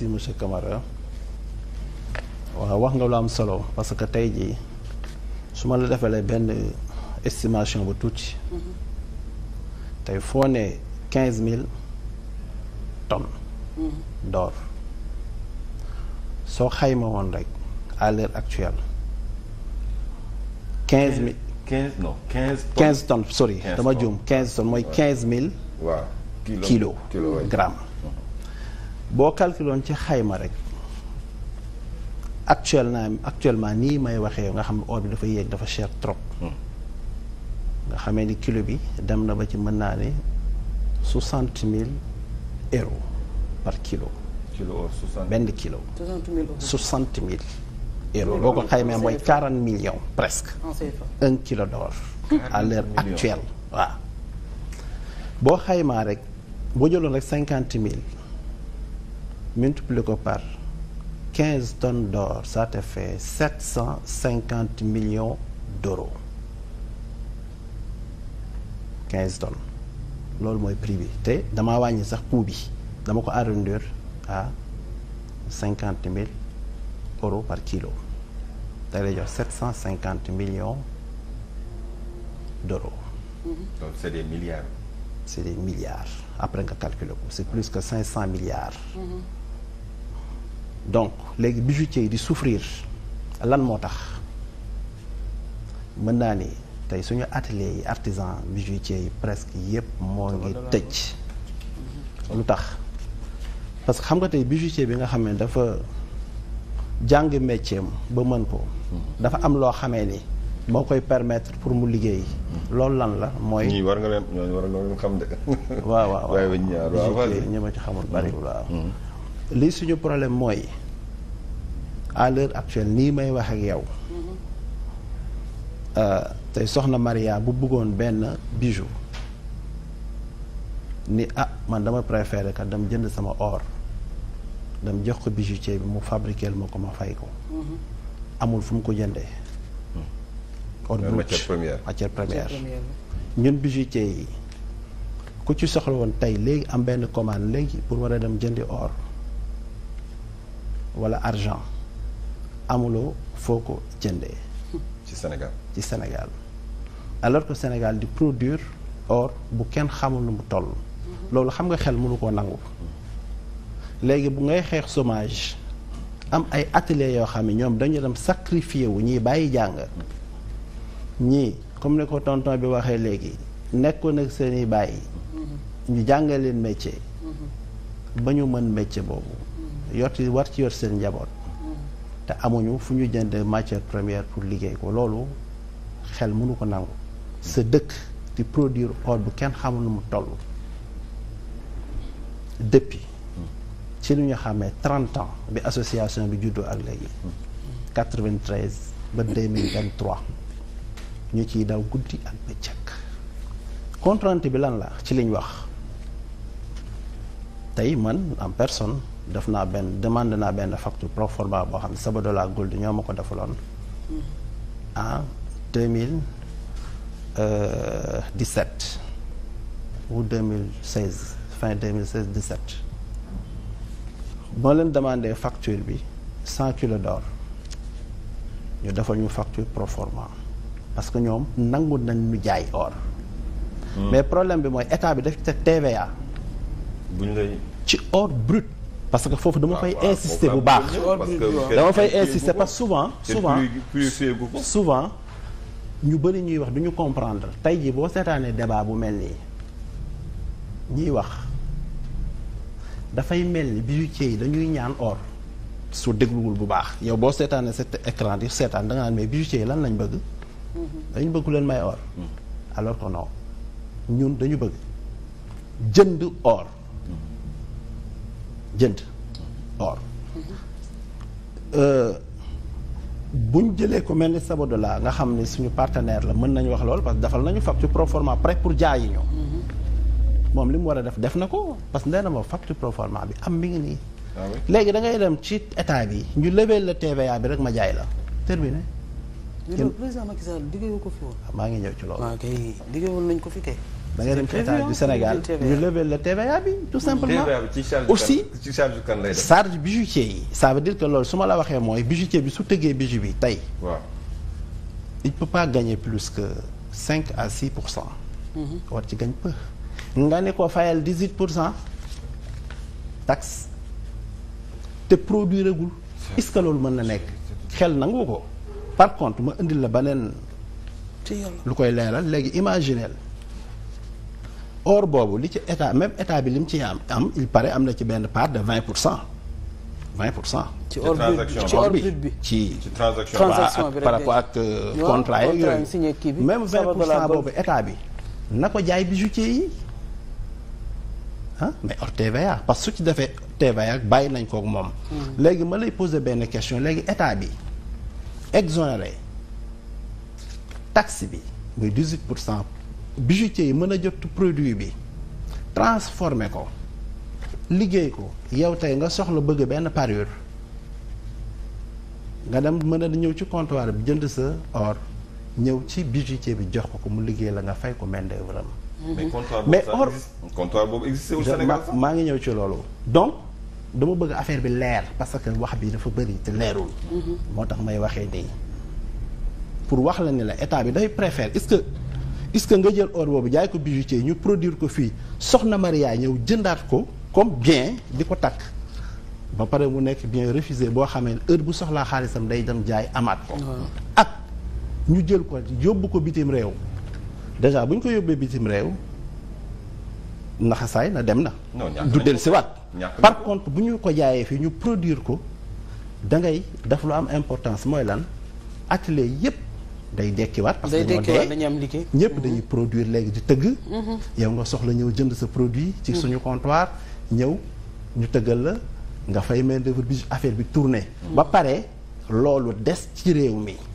si waaw wax nga lu am solo parce que tey jii su ma la defalee benn estimation bu tuuti mm-hmm. tey foo ne quinze mille tonnes mm-hmm. d'or soo xayma woon rek à l'heure actuelle quinze mille quinze non quinze tonnes quinze sorry dama juum quinze tonnes mooy quinze mille. waaw kilo gramme. Mm-hmm. boo calculoon ci xayma rek actuellement actuellement nii may waxee nga xam ne or bi dafa yéeg dafa cher trop. Hmm. nga xamee ni kilo bi dem na ba ci mën naa ne soixante mille euros par kilo. kilo benn kilo. soixante mille euros soixante boo ko xaymee mooy quarante millions presque. un kilo d'or à l'heure actuelle waaw. boo xaymaa rek boo jëloon rek cinquante mille. multiplié ko par quinze tonnes d'or ça te fait sept cent cinquante millions d'euros quinze tonnes loolu mooy prix bi te damaa wàññi sax coût bi dama ko arrondir à cinquante mille euros par kilo da jox sept cent cinquante millions d'euros. donc c'est des milliards. c'est des milliards après nga calculer ko c'est plus que cinq cent milliards. Mm-hmm. donc léegi bijoutier yi di souffrir lan moo tax mën naa ni tey suñu atelier yi artisan bijoutier yi presque yépp moo ngi tëj lu tax parce que xam nga tey bijoutier bi nga xam ne dafa jàng métier ba mën ko hmm. dafa am loo xamee ni moo koy permettre pour mu liggéey hmm. loolu lan la mooy ñii war nga leen ñooñu war nga leen xam de waaw waaw waaw bijoutier ñi ma ci xamul bariwul waaw hmm. lii suñu problème mooy à l'heure actuelle nii may wax ak yow euh, tey soxna Maria bu bëggoon benn bijou ni ah man dama préféré ka dem jënd sama or dem jox ko bijoutier bi mu fabriquer ma ko ma fay ko mm-hmm. amul fu mu ko jëndee mm-hmm. or brut matière première matière première ñun yi ku ci soxla woon tey léegi am benn commande léegi pour war a dem jëndi or wala argent amuloo foo ko jëndee. ci Sénégal ci Sénégal. alors que Sénégal di produire or bu kenn xamul toll. loolu xam nga xel mënu koo nangu. léegi bu ngay xeex somage am ay ateliers yoo xam ne ñoom dañu dem sacrifier wu ñii bàyyi jàng ñii comme ni ko tonton bi waxee léegi nekkoon ak seeni bàyyi ñu jàngal leen métier ba ñu mën métier boobu. yor ci war ci yor seen njaboot te amuñu fu ñu jëndee matière première pour liggéey ko loolu xel mënu ko nangu sa dëkk di produire or bu kenn xamul nu mu toll depuis ci lu ñu xamee trente bi association bi juddoo ak léegi quatre-vingt-treize ba deux ñu ciy daw guddi ak bëccëg contrainte bi lan la ci liñ wax tey man am personne def naa benn demande naa benn facture pro boo xam ne Sabodala Gold ñoo ma ko defaloon en ah, deux mille euh, dix-sept ou deux mille seize fin deux mille seize dix-sept boo leen demandé facture bi cent kilos d'or ñu defal ñu facture pro parce que ñoom nangu nañ ñu jaay or. Hmm. mais problème bi mooy état bi daf ci teg TVA. buñ ci or brut. parce que foofu dama fay ah, insister bu baax dama fay insister parce que souvent souvent souvent ñu bëri ñuy wax du ñu comprendre tey jii boo seetaanee débat bu mel nii ñuy wax dafay mel ni bijoutier yi dañuy ñaan or soo dégluwul bu baax yow boo seetaanee set écran di seetaan da nga naan mais bijoutier yi lan lañ bëgg mm-hmm. dañu bëgg may or mm. alors que non ñun dañu bëgg jënd or jënd or euh, buñ jëlee ko mel ni Sabodala nga xam ne suñu partenaire la mën nañu wax lool parce que dafal nañu facture pro forma pour pour yi ñu mm-hmm. moom li mu war a def def na ko parce que nee na ma facture pro bi am mi ngi nii ah léegi da ngay dem ci état bi ñu lever la TVA bi rek ma jaay la terminé président ko ah, maa ngi ñëw ci loolu ah, diggéewoon nañ ko fi tey da ngay dem ci état du Sénégal ñu lever le TVA bi tout simplement. aussi ci charge kan lay def charge bijoutier yi. ça veut dire que loolu su ma la waxee mooy bijoutier bi su tëggee bijou bi tey. waaw il peut pas gagner plus que cinq à six pour cent. Mhm. war ci gañ peu. nga ne ko fayal dix huit pour cent taxe te produire gul est-ce que loolu mën na nekk xel nangu ko par contre ma indil la beneen. lu koy leeral léegi imagineel or boobu li ci état même état bi li mu ci am am il paraît am na ci benn part de vingt pour cent vingt pour cent. ci or brut bi ci transaction bi par rapport ak euh, contrat yeeg yooyu même vingt pour cent boobu état bi na ko jaay bijoutier yi ah mais or TVA parce que su ci defee TVA bàyyi nañ kook moom. Hmm. léegi ma lay poser benn question léegi état bi exonéré taxe bi muy dix-huit pour cent. bijoutier yi mën a jot produit bi transformer ko liggéey ko yow tey nga soxla bëgg benn parure nga dem mën a ñëw ci comptoir bi jënd sa or ñëw ci bijoutier bi jox ko ko mu liggéey la nga fay ko main d'œuvre am mm-hmm. mais comptoir boobu mais or maa ngi ñëw ci loolu donc dama bëgg affaire bi leer parce que wax bi dafa bëri te leerul mm-hmm. moo tax may waxee nii pour wax la ni la état bi day préfère est-ce que est-ce que nga jël or boobu jaay ko bijoutier ñu produire ko fii soxna Maria ñëw jëndaat ko comme bien di ko takk ba pare mu nekk bien refusé boo xamee heure bu soxlaa xaalisam day dem jaay amaat ko. ak ñu jël ko yóbbu ko bitim réew. déjà bu ñu ko yóbbee bitim réew ndaxasaay na dem na. du del siwaat par contre bu ñu ko jaayee fii ñu produire ko da ngay def lu am importance mooy lan atelier yépp day dekkiwaat parce que ñoo dee ñëpp dañuy produire léegi di tëgg mm-hmm. yow nga soxla ñëw jënd sa produit ci mm-hmm. suñu comptoir ñëw ñu tëggal la nga fay main d'œuvre bi affaire bi tourné mm-hmm. ba pare loolu des ci réew mi